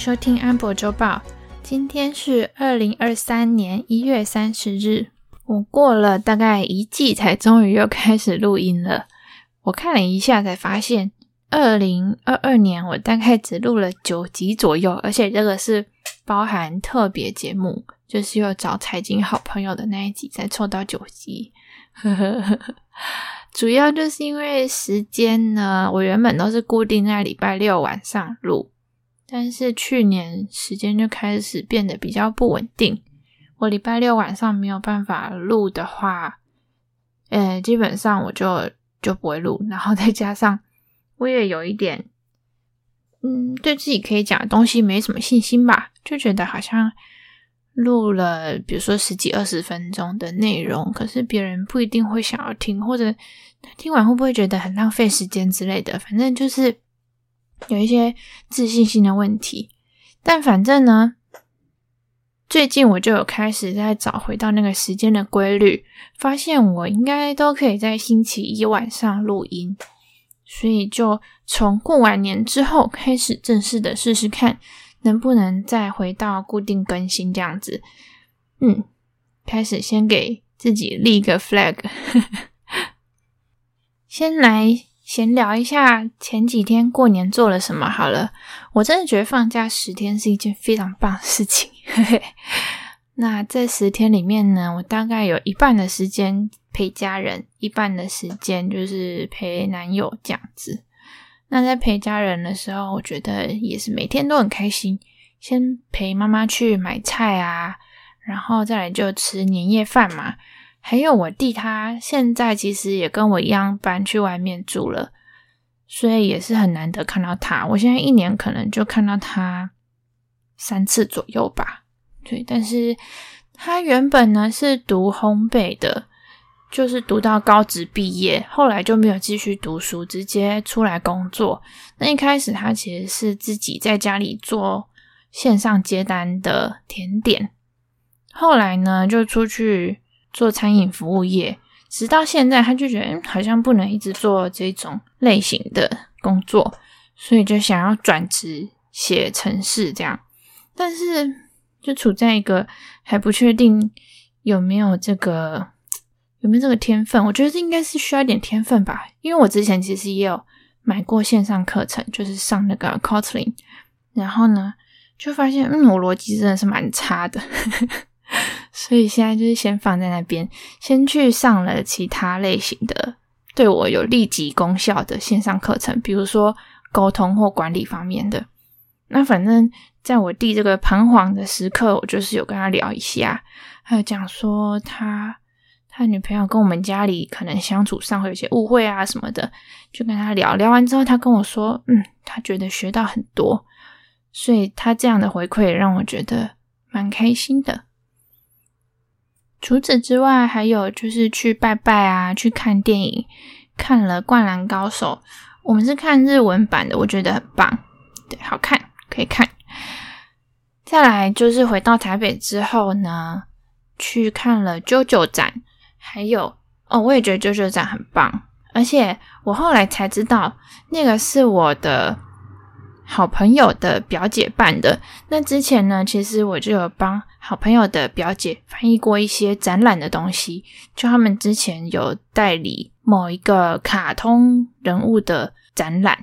收聽安柏周報，今天是二零二三年一月三十日。我過了大概一季，才終於又開始錄音了。我看了一下，才發現二零二二年我大概只錄了九集左右，而且這個是包含特別節目，就是要找財經好朋友的那一集才湊到九集。 主要就是因為時間呢，我原本都是固定在禮拜六晚上錄。但是去年時間就開始變得比較不穩定。我禮拜六晚上沒有辦法錄的話，呃，基本上我就就不會錄。然後再加上我也有一點，嗯，對自己可以講的東西沒什麼信心吧，就覺得好像錄了，比如說十幾二十分鐘的內容，可是別人不一定會想要聽，或者聽完會不會覺得很浪費時間之類的。反正就是。有一些自信心的問題，但反正呢，最近我就有開始在找回到那個時間的規律，發現我應該都可以在星期一晚上錄音，所以就從過完年之後開始正式的試試看，能不能再回到固定更新這樣子。嗯，開始先給自己立一個 flag， 先來。閒聊一下前幾天過年做了什麼好了，我真的覺得放假十天是一件非常棒的事情。 那這十天裡面呢，我大概有一半的時間陪家人，一半的時間就是陪男友這樣子。那在陪家人的時候，我覺得也是每天都很開心。先陪媽媽去買菜啊，然後再來就吃年夜飯嘛。還有我弟，他現在其實也跟我一樣搬去外面住了，所以也是很難得看到他。我現在一年可能就看到他三次左右吧。對，但是他原本呢是讀烘焙的，就是讀到高職畢業，後來就沒有繼續讀書，直接出來工作。那一開始他其實是自己在家裡做線上接單的甜點，後來呢就出去。做餐飲服務業，直到現在，他就覺得好像不能一直做這種類型的工作，所以就想要轉職寫程式這樣。但是就處在一個還不確定有沒有這個有沒有這個天分，我覺得這應該是需要一點天分吧。因為我之前其實也有買過線上課程，就是上那個 Cotlin，然後呢就發現嗯，我邏輯真的是蠻差的。 所以現在就是先放在那邊，先去上了其他類型的對我有立即功效的線上課程，比如說溝通或管理方面的。那反正，在我弟這個彷徨的時刻，我就是有跟他聊一下，還有講說他他女朋友跟我們家裡可能相處上會有些誤會啊什麼的，就跟他聊聊完之後，他跟我說，嗯，他覺得學到很多，所以他這樣的回饋讓我覺得蠻開心的。除此之外，還有就是去拜拜啊，去看電影，看了《灌籃高手》，我們是看日文版的，我覺得很棒，對，好看，可以看。再來就是回到台北之後呢，去看了 JoJo 展，還有哦，我也覺得 JoJo 展很棒，而且我後來才知道，那個是我的。好朋友的表姐辦的。那之前呢，其實我就有幫好朋友的表姐翻譯過一些展覽的東西。就他們之前有代理某一個卡通人物的展覽，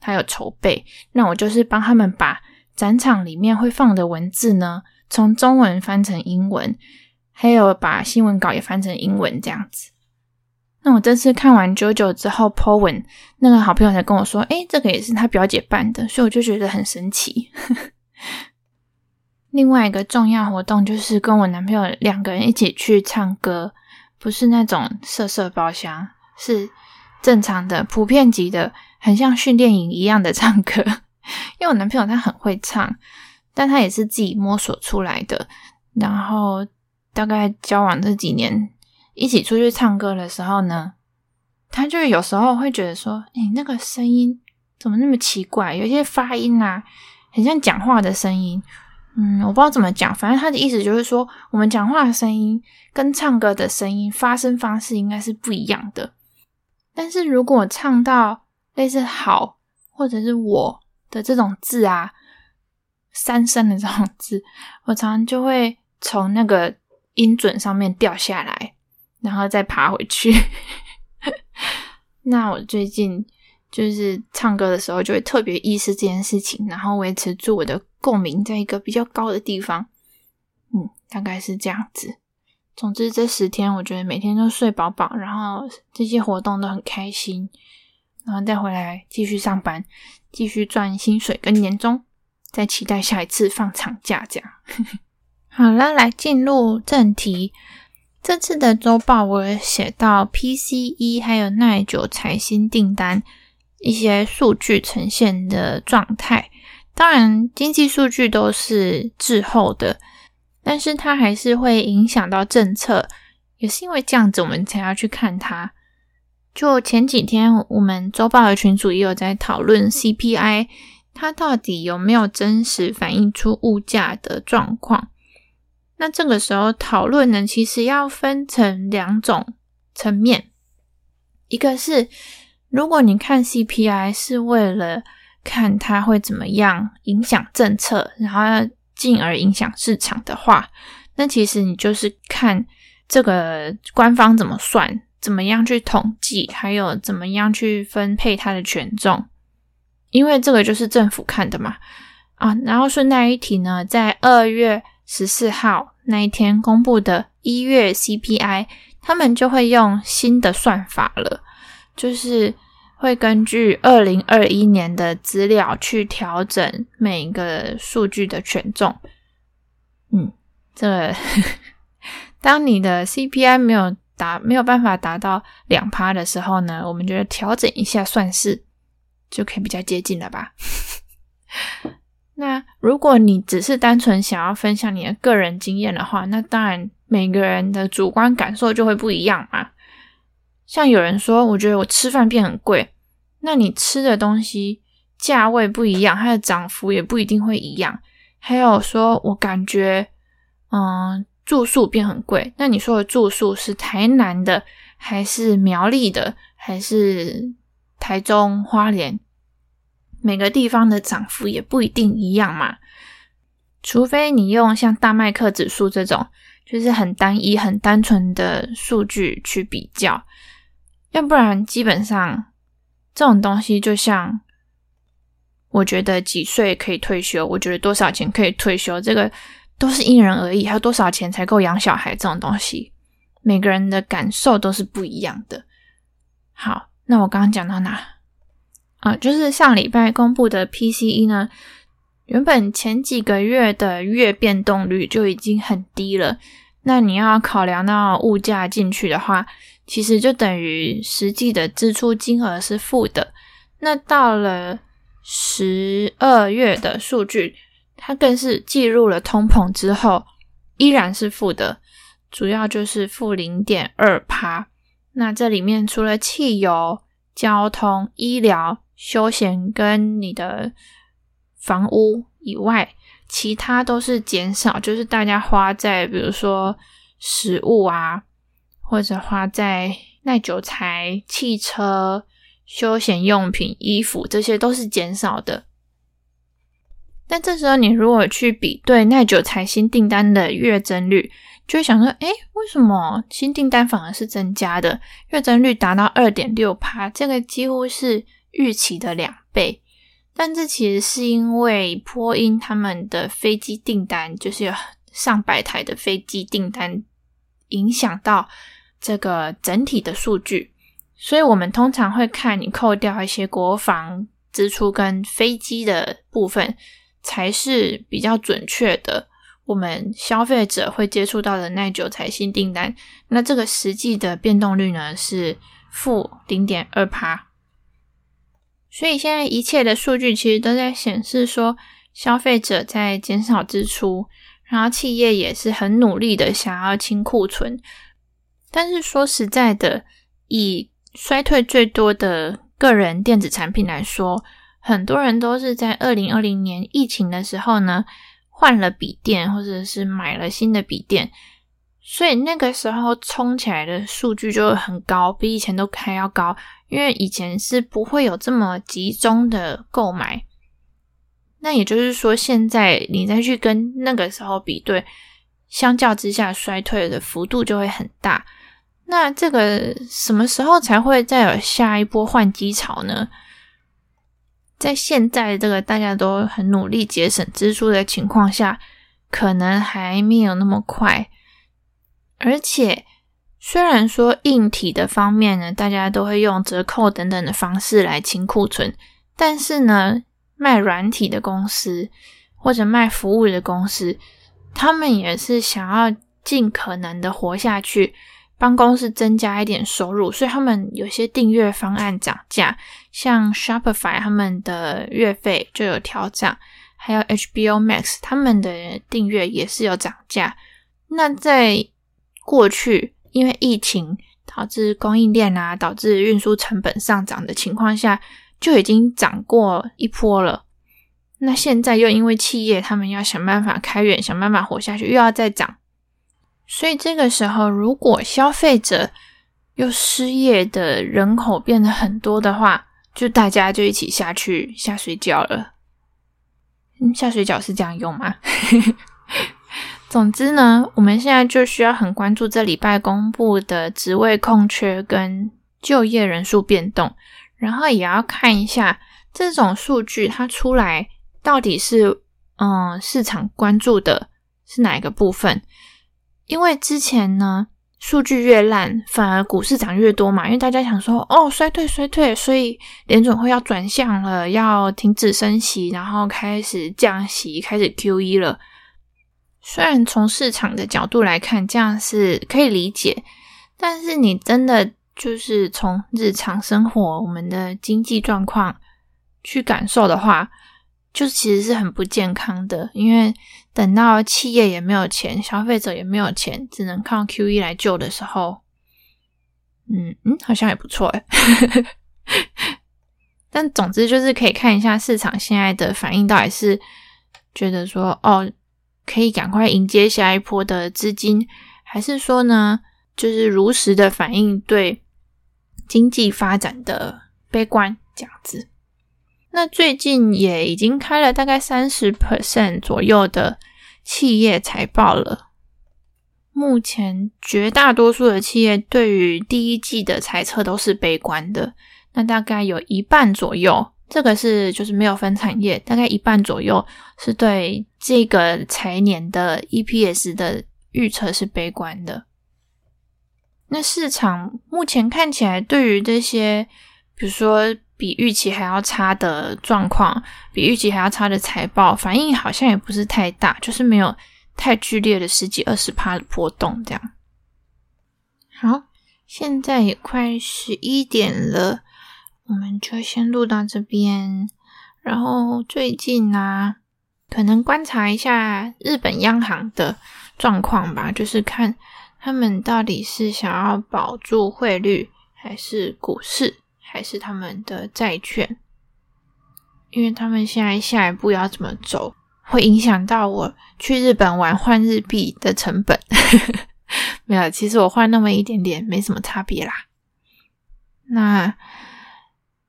還有籌備，那我就是幫他們把展場裡面會放的文字呢，從中文翻成英文，還有把新聞稿也翻成英文這樣子。那我這次看完 JoJo 之後，po 文那個好朋友才跟我說：“誒、欸、這個也是他表姐辦的。”所以我就覺得很神奇。 另外一個重要活動就是跟我男朋友兩個人一起去唱歌，不是那種色色包廂，是正常的、普遍級的，很像訓練營一樣的唱歌。 因為我男朋友他很會唱，但他也是自己摸索出來的。然後大概交往這幾年。一起出去唱歌的時候呢，他就有時候會覺得說：“欸，那個聲音怎麼那麼奇怪？有些發音啊，很像講話的聲音。”嗯，我不知道怎麼講，反正他的意思就是說，我們講話的聲音跟唱歌的聲音發聲方式應該是不一樣的。但是如果唱到類似“好”或者是“我”的這種字啊，三聲的這種字，我常常就會從那個音準上面掉下來。然後再爬回去。 那我最近就是唱歌的時候，就會特別意識這件事情，然後維持住我的共鳴在一個比較高的地方。嗯，大概是這樣子。總之，這十天我覺得每天都睡飽飽，然後這些活動都很開心，然後再回來繼續上班，繼續賺薪水跟年終，再期待下一次放長假這樣。 好了，來進入正題。這次的週報我有寫到 PCE 還有耐久財新訂單一些數據呈現的狀態，當然經濟數據都是滯後的，但是它還是會影響到政策，也是因為這樣子我們才要去看它。就前幾天我們週報的群主也有在討論 CPI，它到底有沒有真實反映出物價的狀況？那這個時候討論呢，其實要分成兩種層面。一個是，如果你看 CPI 是為了看它會怎麼樣影響政策，然後進而影響市場的話，那其實你就是看這個官方怎麼算，怎麼樣去統計，還有怎麼樣去分配它的權重，因為這個就是政府看的嘛。啊，然後順帶一提呢，在二月。十四號那一天公布的一月 CPI，他們就會用新的算法了，就是會根據二零二一年的資料去調整每一個數據的權重。嗯，這當你的 CPI 沒有達沒有辦法達到兩趴的時候呢，我們覺得調整一下算式就可以比較接近了吧。如果你只是單純想要分享你的個人經驗的話，那當然每個人的主觀感受就會不一樣嘛。像有人說，我覺得我吃飯變很貴，那你吃的東西價位不一樣，它的漲幅也不一定會一樣。還有說，我感覺嗯住宿變很貴，那你說的住宿是台南的，還是苗栗的，還是台中花蓮？每個地方的漲幅也不一定一樣嘛，除非你用像大麥克指數這種，就是很單一、很單純的數據去比較，要不然基本上這種東西就像，我覺得幾歲可以退休，我覺得多少錢可以退休，這個都是因人而異。還有多少錢才夠養小孩這種東西，每個人的感受都是不一樣的。好，那我剛剛講到哪？啊、哦，就是上禮拜公布的 PCE 呢，原本前幾個月的月變動率就已經很低了，那你要考量到物價進去的話，其實就等於實際的支出金額是負的。那到了十二月的數據，它更是計入了通膨之後，依然是負的，主要就是負零點二趴。那這裡面除了汽油、交通、醫療。休閒跟你的房屋以外，其他都是減少，就是大家花在比如說食物啊，或者花在耐久財、汽車、休閒用品、衣服，這些都是減少的。但這時候，你如果去比對耐久財新訂單的月增率，就會想說：哎、欸，為什麼新訂單反而是增加的？月增率達到二點六趴，這個幾乎是。預期的兩倍，但這其實是因為波音他們的飛機訂單，就是有上百台的飛機訂單，影響到這個整體的數據。所以我們通常會看你扣掉一些國防支出跟飛機的部分，才是比較準確的。我們消費者會接觸到的耐久財新訂單，那這個實際的變動率呢，是負零點二趴。所以現在一切的數據其實都在顯示說，消費者在減少支出，然後企業也是很努力的想要清庫存。但是說實在的，以衰退最多的個人電子產品來說，很多人都是在二零二零年疫情的時候呢，換了筆電或者是買了新的筆電，所以那個時候衝起來的數據就很高，比以前都還要高。因為以前是不會有這麼集中的購買，那也就是說，現在你再去跟那個時候比對，相較之下衰退的幅度就會很大。那這個什麼時候才會再有下一波換機潮呢？在現在這個大家都很努力節省支出的情況下，可能還沒有那麼快，而且。雖然說硬體的方面呢，大家都會用折扣等等的方式來清庫存，但是呢，賣軟體的公司或者賣服務的公司，他們也是想要盡可能的活下去，幫公司增加一點收入，所以他們有些訂閱方案漲價，像 Shopify 他們的月費就有調漲，還有 HBO Max 他們的訂閱也是有漲價。那在過去。因為疫情導致供應鏈啊，導致運輸成本上漲的情況下，就已經漲過一波了。那現在又因為企業他們要想辦法開源，想辦法活下去，又要再漲。所以這個時候，如果消費者又失業的人口變得很多的話，就大家就一起下去下水餃了。嗯，下水餃是這樣用嗎？ 總之呢，我們現在就需要很關注這禮拜公布的職位空缺跟就業人數變動，然後也要看一下這種數據它出來到底是嗯市場關注的是哪一個部分？因為之前呢，數據越爛，反而股市漲越多嘛，因為大家想說哦衰退衰退，所以聯準會要轉向了，要停止升息，然後開始降息，開始 QE 了。雖然從市場的角度來看，這樣是可以理解，但是你真的就是從日常生活、我們的經濟狀況去感受的話，就其實是很不健康的。因為等到企業也沒有錢，消費者也沒有錢，只能靠 QE 來救的時候，嗯嗯，好像也不錯誒。 但總之就是可以看一下市場現在的反應，到底是覺得說哦。可以趕快迎接下一波的資金，還是說呢，就是如實的反映對經濟發展的悲觀這樣子？那最近也已經開了大概三十 percent 左右的企業財報了，目前絕大多數的企業對於第一季的財測都是悲觀的，那大概有一半左右。這個是就是沒有分產業，大概一半左右是對這個財年的 EPS 的預測是悲觀的。那市場目前看起來對於這些，比如說比預期還要差的狀況，比預期還要差的財報反應好像也不是太大，就是沒有太劇烈的十幾二十趴的波動這樣。好，現在也快十一點了。我們就先錄到這邊，然後最近呢、啊，可能觀察一下日本央行的狀況吧，就是看他們到底是想要保住匯率，還是股市，還是他們的債券，因為他們現在下一步要怎麼走，會影響到我去日本玩換日幣的成本。 沒有，其實我換那麼一點點，沒什麼差別啦。那。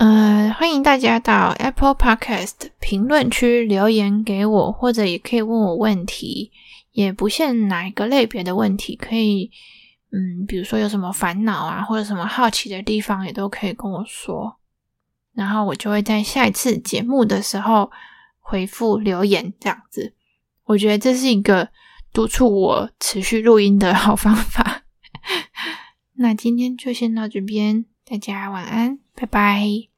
呃，歡迎大家到 Apple Podcast 評論區留言給我，或者也可以問我問題，也不限哪一個類別的問題，可以，嗯，比如說有什麼煩惱啊，或者什麼好奇的地方，也都可以跟我說，然後我就會在下一次節目的時候回覆留言這樣子。我覺得這是一個督促我持續錄音的好方法。 那今天就先到這邊，大家晚安，拜拜。